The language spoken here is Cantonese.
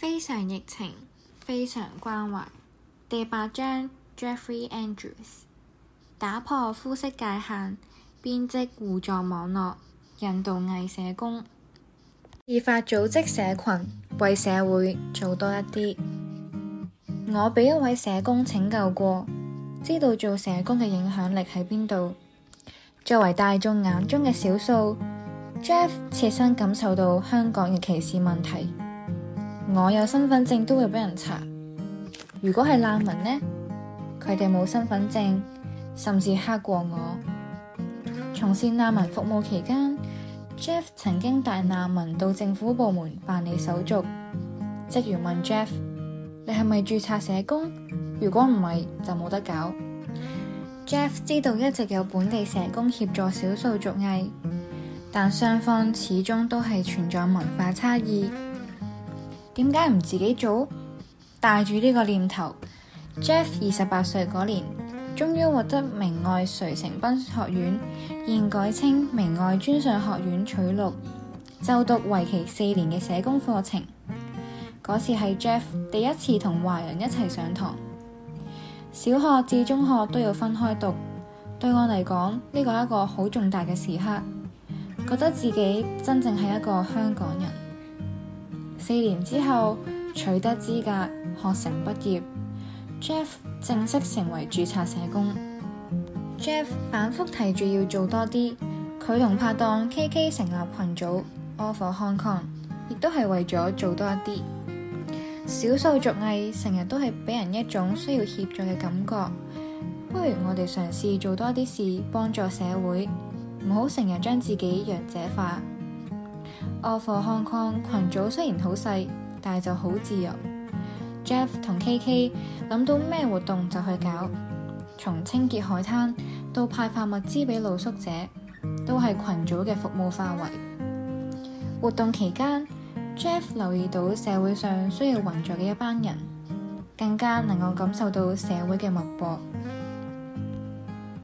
非常疫情，非常關懷。第八章，Jeffrey Andrews 打破膚色界限，編織互助網絡，印度裔社工自發組織社群，為社會做多一啲。我俾一位社工拯救過，知道做社工嘅影響力喺邊度。作為大眾眼中嘅少數，Jeff 切身感受到香港嘅歧視問題。我有身份證都會俾人查。如果係難民呢，佢哋冇身份證，甚至黑過我。從事難民服務期間，Jeff 曾經帶難民到政府部門辦理手續。職員問 Jeff：你係咪注冊社工？如果唔係就冇得搞。Jeff 知道一直有本地社工協助少數族裔，但雙方始終都係存在文化差異。點解唔自己做？帶住呢個念頭，Jeff 二十八歲嗰年，終於獲得明愛徐誠斌學院（現改稱明愛專上學院）取錄，就讀為期四年嘅社工課程。嗰時係 Jeff 第一次同華人一齊上堂。小學至中學都要分開讀，對我嚟講，呢個係一個好重大嘅時刻，覺得自己真正係一個香港人。四年之後取得資格，學成畢業，Jeff 正式成為註冊社工。Jeff 反覆提住要做多啲，佢同拍檔 KK 成立群組 Offer Hong Kong，亦都係為咗做多一啲。少數族裔成日都係俾人一種需要協助嘅感覺，不如我哋嘗試做多啲事幫助社會，唔好成日將自己弱者化。我和 of Hong Kong 群組雖然好細，但係就好自由。Jeff 同 K K 諗到咩活動就去搞，從清潔海灘到派發物資俾露宿者，都係群組嘅服務範圍。活動期間，Jeff 留意到社會上需要援助嘅一班人，更加能夠感受到社會嘅脈搏。